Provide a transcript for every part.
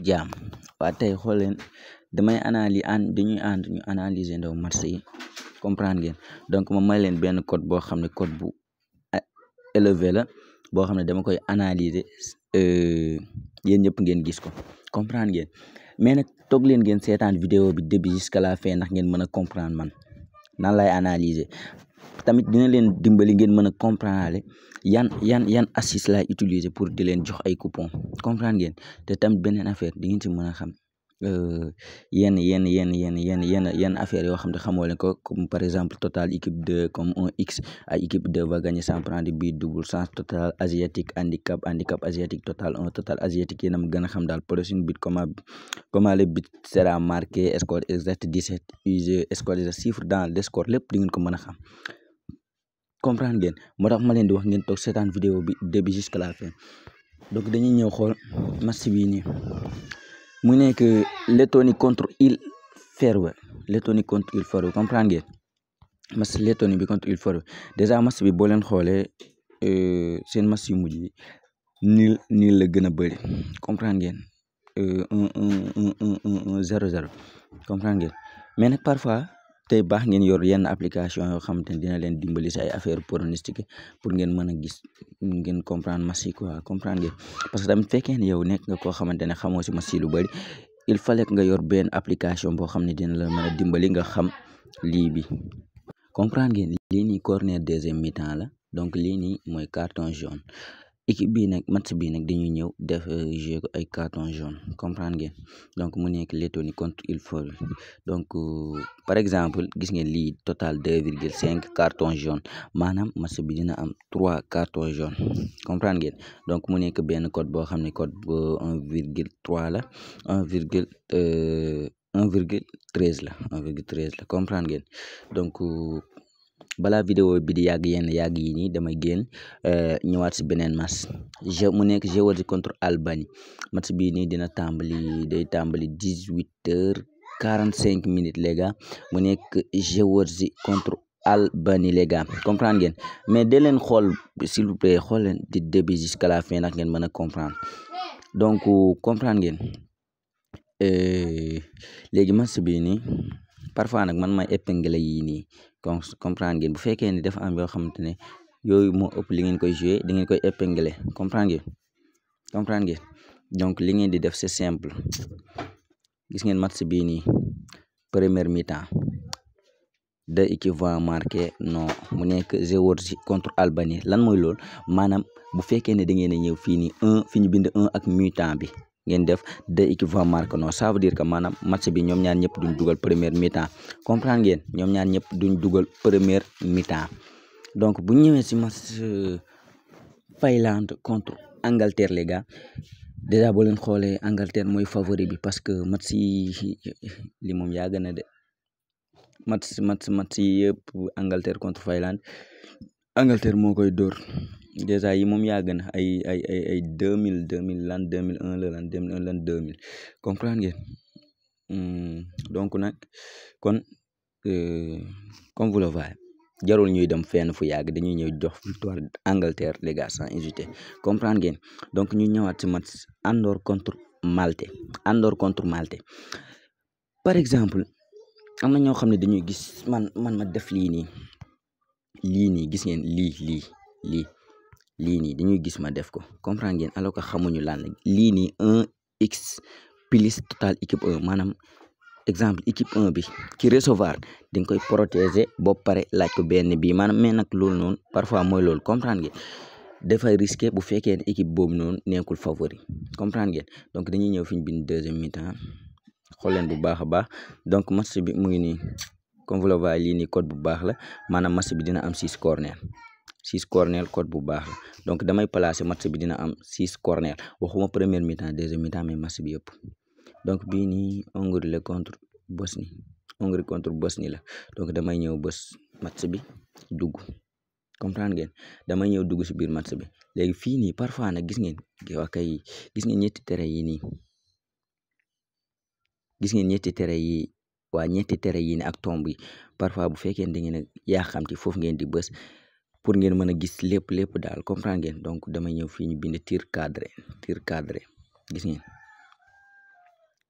jaam waa tey xool leen damay analyse an dañuy ànd ñu analyser ndaw yi comprendre ngeen donc ma may leen benn code boo xam ne code bu élevé la boo xam ne dama koy analyser euh, yéen ñëpp ngeen gis ko comprendre ngeen mais nag toog leen ngeen seetaan vidéo bi début jusqu'à la fin ndax ngeen mën a comprendre man nan lay analyser tamit dina leen dimbali ngeen mën a comprendre yan yan yan astuce laay utiliser pour di leen jox ay coupons comprendre ngeen te tamit beneen affaire di ngeen si mën a xam yenn yenn yenn yenn yenn yenn yenn affaires yoo xam ne xamoo leen ko comme par exemple Total équipe de comme un X ay équipe de va gagner sans prendre but double sens Total asiatique handicap handicap asiatique Total asiatique yéen a gën a xam daal prochain but comment comment le but sera marqué score exact 17 use score dans le score lépp di ngeen ko mën a xam comprendre ngeen moo tax ma leen di wax ngeen toog seetaan vidéo bi début jusqu'à la fin donc dañuy ñëw xool match bii nii mu nekk Lettonie contre Île Féroé Lettonie contre Île Féroé comprendre ngeen match Lettonie bi contre Île Féroé dèjà match bi boo leen xoolee euh, seen match yu mujj yi nul nul la gën a bëri comprendre ngeen euh, un un un zéro zéro comprendre ngeen mais nag parfois. tey baax ngeen yor yenn application yoo xam te ne dina leen dimbali si ay affaire pronostic pour ngeen mën a gis ngeen comprendre match yi quoi comprendre ngeen parce que tamit fekkee ne yow nekk nga koo xamante ne xamoo si match lu bëri il fallait que nga yor benn application boo xam ne dina la mën a dimbali nga xam lii bi comprendre ngeen lii nii corner deuxième mi-temps la donc lii nii mooy carton jaune équipe bii nag match bii nag dañuy ñëw def euh, joué ko ay carton jaune comprendre ngeen donc mu nekk Lettonie contre il faut donc euh, par exemple gis ngeen lii total deux virgule cinq carton jaune maanaam match bi dina am trois carton jaune comprendre ngeen donc mu nekk benn code boo xam ne code bu un virgule trois la un virgule euh, un virgule treize la un virgule treize la comprendre donc balaa vidéo bi di yàgg yenn yàgg yi nii damay génn euh, ñëwaat si beneen match je mu nekk Géorgie contre Albanie match bii nii dina tàmbali day tàmbali dix huit heures quarante cinq minutes les mu nekk Géorgie contre Albanie les gars comprendre ngeen mais de leen xool s'il vous plaît xool leen di début jusqu'à la fin nag ngeen mën a comprendre donc comprendre ngeen euh, léegi match bii parfois nag man ma épingle yi nii comprendre ngeen bu fekkee ne dafa am yoo xamante ne yooyu moo ëpp li ngeen koy joué da ngeen koy épingler comprendre ngeen comprendre ngeen donc li ngeen di def c'est simple gis ngeen match bii nii première mi-temps deux équipes vont marqué non mu nekk Géorgie contre Albanie lan mooy lool maanaam bu fekkee ne da ngeen a ñëw fii nii un fi ñu bind un ak mi bi ngeen def deux équipes vont marquer non ça veut dire que maanaam match bi ñoom ñaar ñëpp duñ dugal première mi-temps comprendre ñoom ñaar ñëpp duñ dugal première mi-temps donc bu ñëwee si match euh, Finlande contre Angleterre les gars déjà boo leen xoolee Angleterre mooy favori bi parce que match si li moom yaa gën a de match match match yëpp Angleterre contre Finlande Angleterre moo koy dóor dèjà yi moom yàgg na ay ay ay ay deux mille deux mille lan deux mille un la lan deux mille un lan deux mille comprendre ngeen hmm, donc nag kon euh, comme vous le voyez jarul ñuy dem fenn fu yàgg dañuy ñëw jox victoire Angleterre les gars sans hésiter comprendre ngeen donc ñu ñëwaat ci match Andorre contre Malte Andorre contre Malte par exemple am na ñoo xam ne dañuy gis man man ma def lii nii lii nii gis ngeen lii lii lii lii nii dañuy gis ma def ko comprendre ngeen alors que xamuñu lan la lii nii 1x plus total équipe 1 maanaam exemple équipe 1 bi ki recevoir dañ koy protéger ba pare laaj ko benn bii maanaam mais nag loolu noon parfois mooy loolu comprendre ngeen defa risqué bu fekkee ne équipe boobu noonu nekkul favori comprendre ngeen donc dañuy ñëw fi ñu bind deuxième mi-temps xool leen bu baax a baax donc match bi mu ngi nii comme vous le voyez code bu baax la maanaam match bi dina am six corner six corner code bu baax la donc damay placer match bi dina am six corner waxuma première mi-temps deuxième mi-temps mais match bi donc bii nii Hongrie la contre Bosnie Hongrie contre Bosnie la donc damay ñëw bës match bi dugg comprendre ngeen damay ñëw dugg si biir match bi léegi fii nii parfois nag gis ngeen waa kay gis ngeen ñetti tere yi nii gis ngeen ñetti tere yi waa ñetti tere yi nii ak tomb yi parfois bu fekkee da ngeen a yaa xam te foofu ngeen di bës pour ngeen mën a gis lépp lépp daal comprendre ngeen donc damay ñëw fii ñu bind tir cadré tir cadré gis ngeen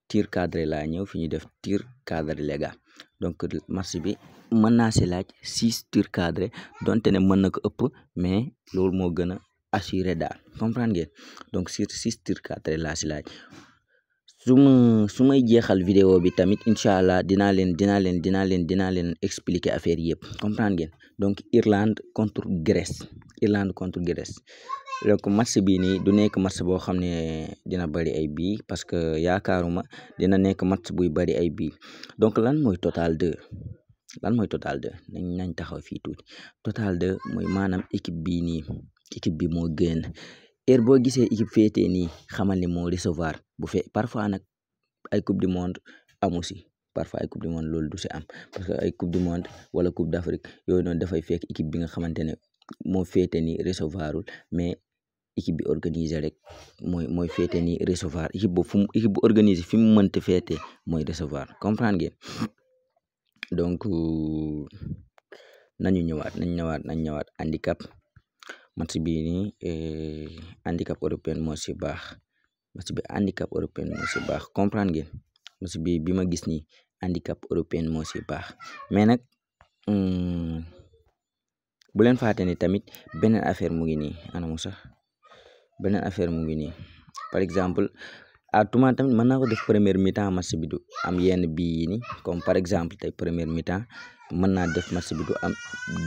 tir cadré laa ñëw fi ñu def tir cadré les donc marché bi mën naa si laaj six tir cadré donte ne mën na ko ëpp mais loolu moo gën a assuré daal comprendre ngeen donc sur six tir la si laaj su ma su jeexal vidéo bi tamit incha allah dinaa leen dinaa leen dinaa leen dinaa leen affaire yëpp comprendre ngeen donc Irlande contre Grèce Irlande contre Grèce donc match bii nii du nekk match boo xam ne dina bëri ay bii parce que yaakaaruma dina nekk match buy bëri ay bii donc lan mooy total 2 lan mooy total 2 nañ taxaw fii tuuti total 2 mooy maanaam équipe bii nii équipe bi moo gën heure boo gisee équipe féetee nii xamal ni moo recevoir bu fe parfois nag ay coupe du monde amu si parfois ay coupe du monde loolu du si am parce que ay coupe du monde wala coupe d'Afrique yooyu noonu dafay fekk équipe bi nga xamante ne moo féete ni recevoirul mais équipe bi organisé rek mooy mooy féete ni recevoir équipe bu fu mu équipe bu fi mu mënti féete mooy recevoir comprendre ngeen donc euh, nañu ñëwaat nañ ñëwaat nañ ñëwaat handicap match bi nii euh, handicap européen moo si baax match bi handicap européen moo si baax comprendre ngeen si bi ma gis nii handicap européenne moo si baax mais nag hmm, bu leen fàtte ni tamit beneen affaire mu ngi nii anamu sax beneen affaire mu ngi nii par exemple à tout moment tamit mën na ko def première mi-temps bi du am yenn bii yi nii comme par exemple tey première mi-temps mën naa def match bi du am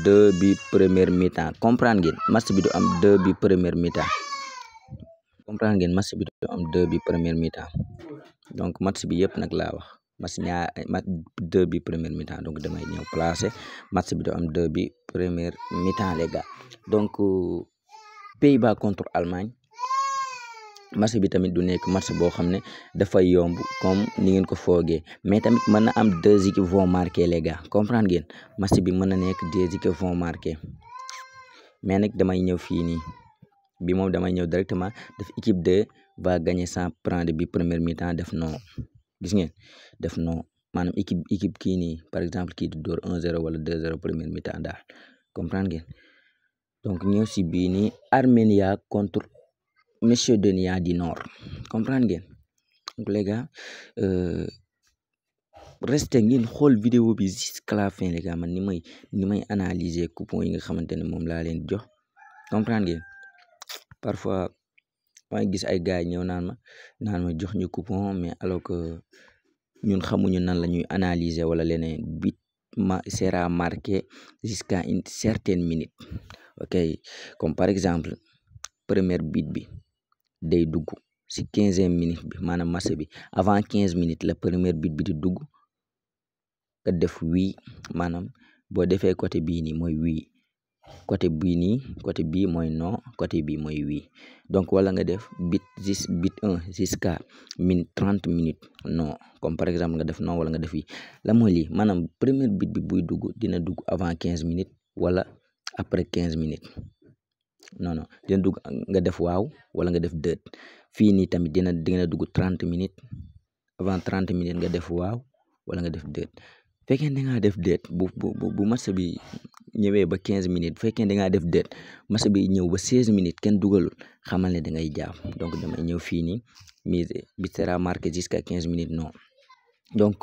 deux bi première mi-temps comprendre bi du am deux bi première mi-temps ngeen match bi du am deux donc match bi yëpp nag laa wax match ñaar eh, match deux bi première mi-temps donc damay ñëw placé match bi do am deux bi première mi-temps les gars donc euh, Pays-Bas contre Allemagne match bi tamit du nekk match boo xam ne dafay yomb kom ni ngeen ko foogee mais tamit mën na am deux équipes vont marquer les gars comprendre ngeen match bi mën na nekk deux équipes vont marquer mais nag damay ñëw fii nii bi moom damay ñëw directement def équipe de va gagner sans prendre bi première mi def no gis ngeen def no maanaam équipe équipe kii nii par exemple kii di dóor 1-0 wala 2-0 première mi-temps daal comprendre ngeen donc ñëw si bii nii Armenia contre Macedonia de nia di ngeen donc les gars euh, reste ngeen xool vidéo bi jusqu'à la fin man ni may ni may analyser coupon yi nga xamante ne moom laa leen jox comprendre parfois maa ngi gis ay gars yi naan ma naan ma jox ñu coupon mais alors que ñun xamuñu nan la ñuy analyser wala leneen bit ma sera marqué jusqu'à une certaine minute ok comme par exemple première bit bi day dugg si quinzième minute bi maanaam marché bi avant quinze minutes la première bit bi di dugg def wii maanaam boo defee côté bii nii mooy wii côté bii nii côté bii mooy non côté bii mooy oui donc wala nga def bit jus bit un jusqu'à min trente minutes non comme par exemple nga def no wala nga def oui la mooy lii maanaam première bit bi buy dugg dina dugg avant quinze minutes wala après quinze minutes non non dina dugg nga def waaw wala nga def déet fii nii tamit dina dina dugu trente minutes avant trente minutes nga def waaw wala nga def déet fekkee da def déet bu bu bu match bi ñëwee ba quinze minutes bu fekkee da ngaa def déet match bi ñëw ba seize minutes kenn dugalul xamal ne da ngay jaaf donc damay ñëw fii nii mise bi sera marqué jusqu'à quinze minutes non donc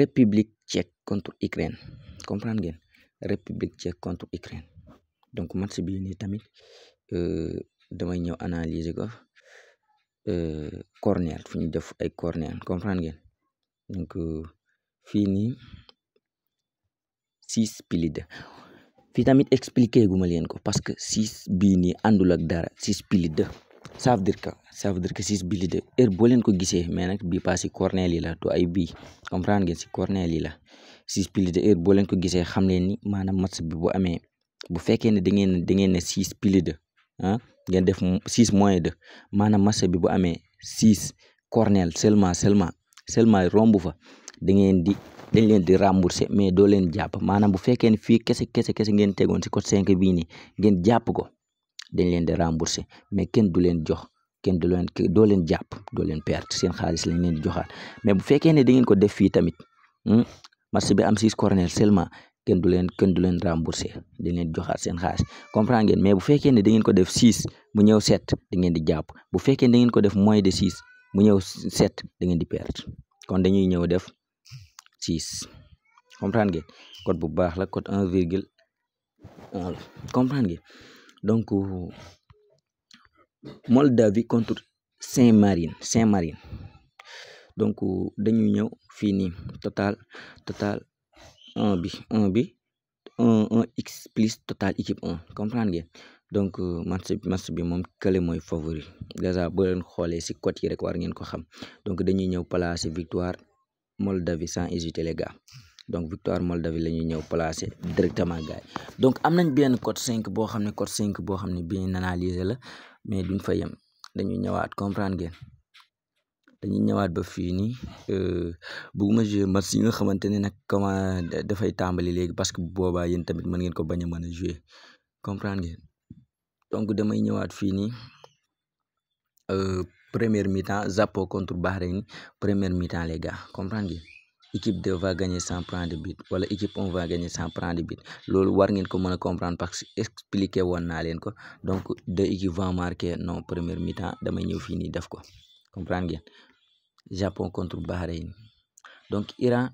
République tchèque contre Ukraine comprendre gen République tchèque contre Ukraine donc match bi nii tamit euh, damay ñëw analyser ko euh, corner fu ñu def ay corner comprendre ngeen donc euh, fii six pili de fii tamit expliqué gu ma leen ko parce que six bii nii àndul ak dara six pili de ça veut dire que ça pili de heure boo leen ko gisee mais nag bii pas si cornel yi la du ay bii comprendre ngeen si cornel yi la six pili de heure boo leen ko gisee xam leen ni maanaam match bi bu amee bu fekkee ne da ngeen da ngeen ne six pili ah ngeen def six moins de maanaam match bi bu amee six cornel seulement seulement seulement romb fa da di dañ leen di rembourser mais doo leen jàpp maanaam bu fekkee ne fii kese kese kese ngeen tegoon si code 5 bii nii ngeen jàpp ko dañ leen di rembourser mais kenn du leen jox kenn du leen doo leen jàpp doo leen perte seen xaalis lañ leen di joxaat mais bu fekkee ne da ngeen ko def fii tamit hmm, marché bi am six corner seulement kenn du leen kenn du leen rembourser dañ leen joxaat seen xaalis comprendre ngeen mais bu fekkee ne da ngeen ko def six mu ñëw sept da ngeen di jàpp bu fekkee ne da ngeen ko def moins de six mu ñëw sept da ngeen di perte kon dañuy ñëw def six comprendre ngeen bu baax la code un virgule un la donc Moldavie contre Saint-Marin Saint-Marin donc dañu ñëw fii nii total un bi un bi un un x plus équipe un comprendre ngeen donc match match bi moom kële mooy favori déjà boo si côté yi rek war ko xam donc dañuy ñëw placer victoire. Moldavie sans hésiter les gars donc victoire Moldavie la ñuy ñëw placé directement gars donc am nañ benn code cinq boo xam ne code cinq boo xam ne bien analysé la mais duñ fay yem dañuy ñëwaat comprendre ngeen dañuy ñëwaat ba fii nii euh, bëgguma jouer match yi nga xamante ne nag comment dafay tàmbali léegi parce que boobaa yéen tamit mën ngeen ko bañ a mën a jouer comprendre ngeen donc damay ñëwaat fii nii euh, première mi-temps Zappo contre Bahreïn première mi-temps les gars comprendre ngeen équipe 2 gagner sans prendre de wala équipe 1 va gagner sans prendre de but loolu war ko mën a comprendre parce que expliqué woon naa leen ko donc deux équipes vont marquer non première mi-temps damay ñëw fii nii def ko comprendre ngeen Japon contre Bahreïn donc Iran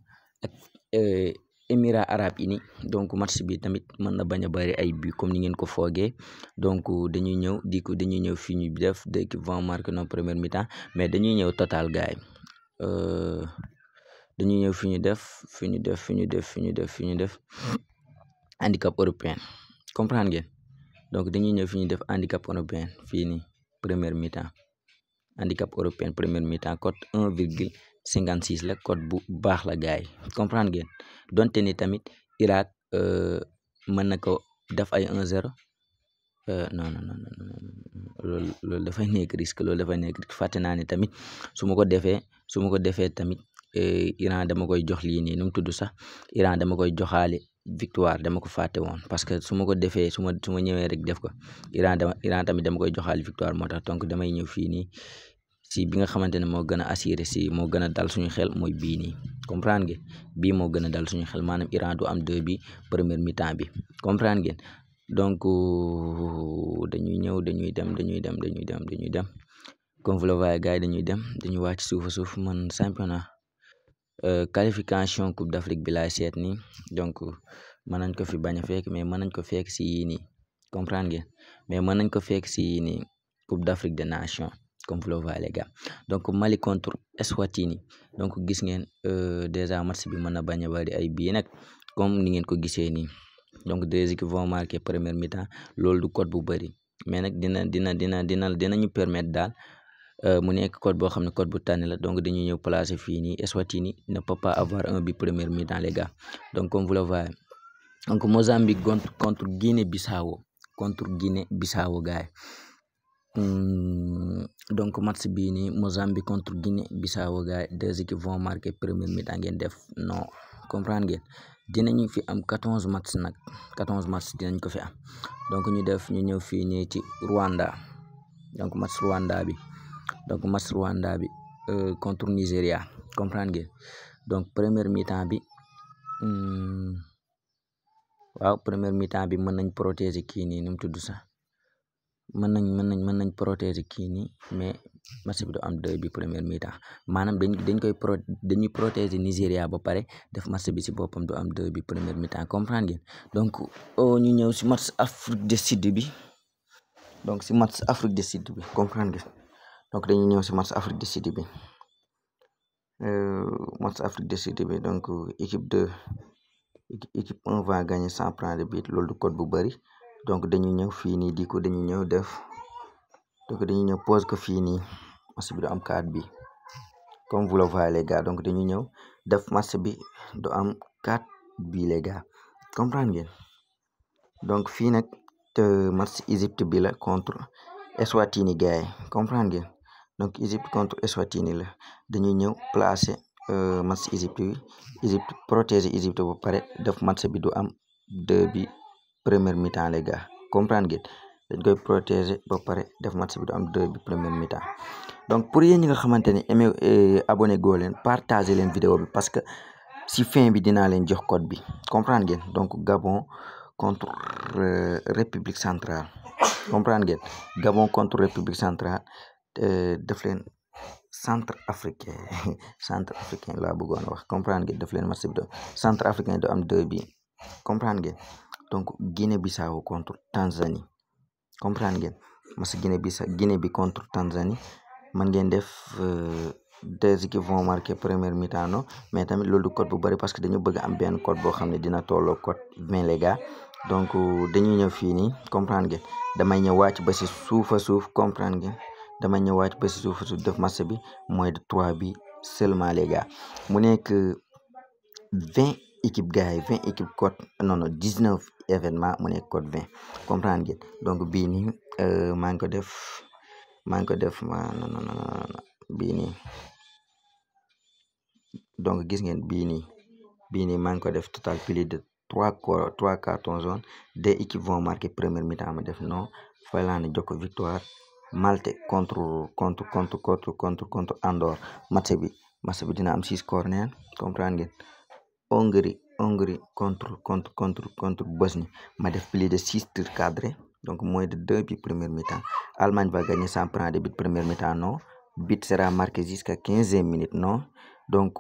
euh, émirats arabes unis donc match bi tamit mën na bañ a bëri ay but comme ni ngeen ko foogee donc dañuy ñëw diko ko dañuy ñëw fii ñu def dès que vont marquer nos première mi mais dañuy ñëw total gars yi euh, dañuy ñëw fi ñu def fi ñu def fi ñu def fi ñu def fi ñu def handicap européen comprendre ngeen donc dañuy ñëw fi ñu def handicap européen fii nii première mi handicap européen première mi-temps cote un virgule cinquante six la cote bu baax la gars yi comprendre ngeen donte ni tamit Irak euh, mën na ko def ay un zéro euh, non non non loolu loolu dafay nekk risque loolu dafay nekk fàtte naa ne tamit su ma ko defee su ma ko defee tamit euh, Iran dama koy jox lii nii nu tudd sax Iran dama koy joxaale victoire dama ko fàtte woon parce que su ma ko defee su ma su ma ñëwee rek def ko Iran dama Iran tamit dama koy joxaal victoire moo tax donc damay ñëw fii nii si bi nga ne moo gën a si moo gën a dal suñu xel mooy bii nii comprendre ngeen bii moo gën a Iran du am deux bi première mi bi comprendre ngeen donc euh, dañuy ñëw dañuy dem dañuy dem dañuy dem dañuy dem comme vous le voyez gars yi dañuy dem dañuy wàcc suufa Euh, qualification coupe d'Afrique bi laay seet nii donc mën nañ ko fi bañ a fekk mais mën nañ ko fekk si yii nii comprendre mais mën nañ ko fekk si yii nii coupe d'Afrique de nations comme vous le voyez les gars donc Mali contre Eswatini donc gis ngeen euh, déjà match bi mën na bañ a bari ay bi nag comme ni ngeen ko gisee nii donc deux équipes vont marquer première mi-temps loolu du code bu bëri mais nag dina dina dina dina dinañu permettre daal Euh, mu nekk code boo xam ne code bu tànn la donc dañuy ñëw placer fii nii Eswatini ne peut pas avoir un but premier mi dans les gars donc comme vous le voyez donc Mozambique contre contre Guinée-Bissau contre hmm, donc match bii nii Mozambique contre Guinée-Bissau gars deux équipes vont marquer premier mi-temps ngeen def non comprendre ngeen dinañu fi am quatorze match nag quatorze match dinañ ko fi am donc ñu def ñu ñëw fii nii ci Rwanda donc match Rwanda bi donc match Rwanda bi euh, contre Nigéria comprendre ngeen donc première mi bi hmm, waaw première mi-temps bi mën nañ protéger kii nii nu mu tudd sax mën nañ mën nañ mën nañ protéger kii nii mais match bi du am deux bi première mi-temps maanaam dañ dañ koy pro dañuy protéger Nigéria ba pare def match bi si boppam du am deux bi première mi-temps comprendre ngeen donc oh, ñu ñëw si match Afrique du Sud bi donc si match Afrique du Sud bi comprendre ngeen donc dañuy ñëw si match Afrique du Sud bi euh, match Afrique du Sud bi donc euh, équipe de équipe on va gagner sans prendre de but lol du code bu bëri donc dañuy ñëw fii nii di dañuy ñëw def donc dañuy ñëw pose ko fii nii match bi du am carte bi comme vous le voyez donc dañuy ñëw def match bi du am carte bi les gars comprendre ngeen donc fii nag euh, match Égypte bi la contre Eswatini gars yi comprendre ngeen donc Égypte contre Eswatini la dañuy ñëw placer euh, match Égypte bi Égypte protéger Égypte ba pare def match bi du am deux bi première mi-temps les gars comprendre ngeen dañ koy protéger ba pare def match bi du am deux bi première donc pour yéen ñi nga xamante ne aimé euh, abonné goo leen partager leen vidéo bi parce que si fin bi dinaa leen jox code bi comprendre ngeen donc Gabon contre euh, République centrale comprendre ngeen Gabon contre République centrale def leen centre africain centre africain laa bëggoon wax comprendre ngeen def leen match bi doon centre africain do am deux bi comprendre ngeen donc Guinée Bissau contre Tanzanie comprendre ngeen match Guinée Bissau Guinée bi contre Tanzanie man ngeen def euh, deux équipes vont marquer première mi-temps mais tamit loolu du code bu bëri parce que dañu bëgg am benn code boo xam ne dina tolloo code mais les gars donc euh, dañuy ñëw fii nii comprendre ngeen damay ñëw wàcc ba si suufa suuf comprendre ngeen dama ñëwaat ba si su def match bi mooy de trois bi seulement les gars mu nekk vingt équipe gars yi vingt équipe cote non non dix neuf événement mu nekk cote vingt comprendre ngeen donc bii nii euh, maa ngi ko def maa ngi ko def ma donc gis ngeen bii nii bii nii maa ngi ko def total plus de trois trois cartons jaunes deux équipes vont marquer première mi-temps ma def non Finlande jox ko victoire Malte contre contre contre contre contre contre Andorre match bi match bi dina am six score neen comprendre ngeen Hongrie Hongrie contre contre contre contre Bosnie ma def plus de six tirs cadrés donc moins de deux buts première mi-temps Allemagne va gagner sans prendre de but première mi-temps non but sera marqué jusqu'à quinzième minute non donc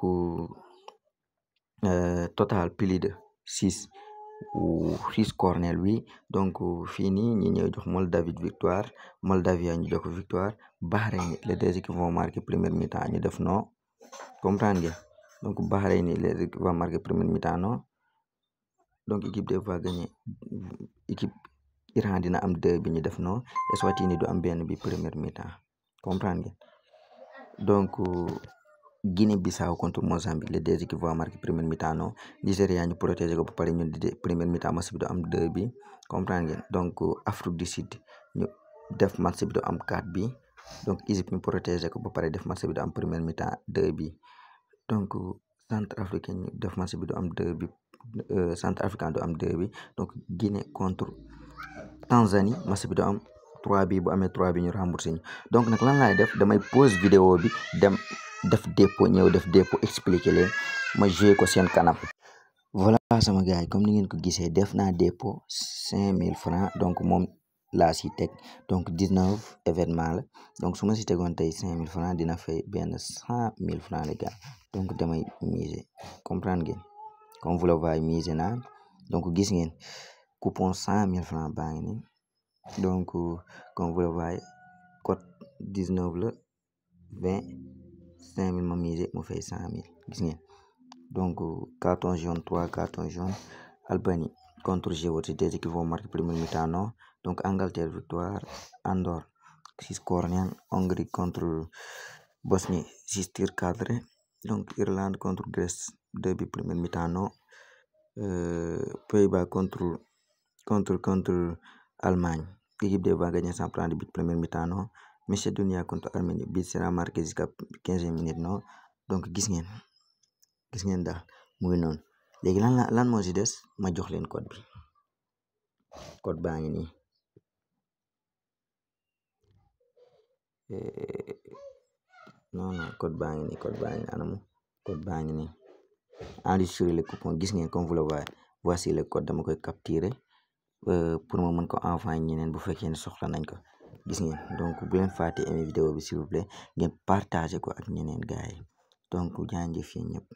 euh, total plus de six six corner bi donc fii nii ñi ñooy jox Moldavie victoire Moldavia ñu jox victoire Bahreïn les deux équipes vont marquer première mi-temps ñu def non comprendre nga donc Bahreïn les équipes vont marquer première mi-temps donc équipe des va gagner équipe Iran dina am deux bi ñu def non Eswatini du am benn bi première mi-temps comprendre donc Guinée-Bissau contre Mozambique les deux équipes vont marqué première mi-temps non Nigéria ñu protégé ko ba pare ñun di première mi-temps match am deux bi comprendre ngeen def match bi du am quatre bi donc Égypte ñu protégé ko ba pare def match bi am première mi-temps deux bi donc Centrafrique ñu def match bi du am deux bi euh, Centrafricain du am deux bi donc Guinée contre Tanzanie match bi du am trois bi bu amee trois bi ñu remboursé ñu donc nag lan laay def damay pause vidéo bi dem. def dépôt ñëw def dépôt expliqué leen ma joué ko seen kanam voilà sama gars yi comme ni ngeen ko gisee def naa dépôt cinq mille francs donc moom laa si teg donc dix neuf événement la donc su ma si tegoon tey cinq mille francs dina fay benn cent mille francs les gars donc damay miser comprendre ngeen comme vous le miser naa donc gis ngeen coupon cent mille francs baa ngi nii donc comme vous le voyez dix neuf la vingt cinq mille moom mii de mu fay gis ngeen donc carton jaune trois carton jaune Albanie contre Djibouti deux équipes vont marquer première mi-temps donc Angleterre victoire Andorre six corner Hongrie contre Bosnie six tirs cadrés donc Irlande contre Grèce deux buts première mi-temps non euh, pays contre contre contre Allemagne l'équipe devait gagner sans prendre de but première mi-temps non Macedonia contre Arménie bii sera marqué jusqu'à quinze minutes non donc gis ngeen gis ngeen daal muy noonu léegi lan lan moo si des ma jox leen code bi code baa ngi nii eh, non non code baa ngi nii code baa ngi nii anamu code baa ngi nii enregistrer gis ngeen comme vous le voyez dama koy capturer euh, pour ma mën ko envoyer ñeneen bu fekkee ne soxla nañ ko. gis ngeen donc bu leen fàtte aimer vidéo bi ngeen partager ko ak ñeneen gars yi donc jaajëf yéen ñëpp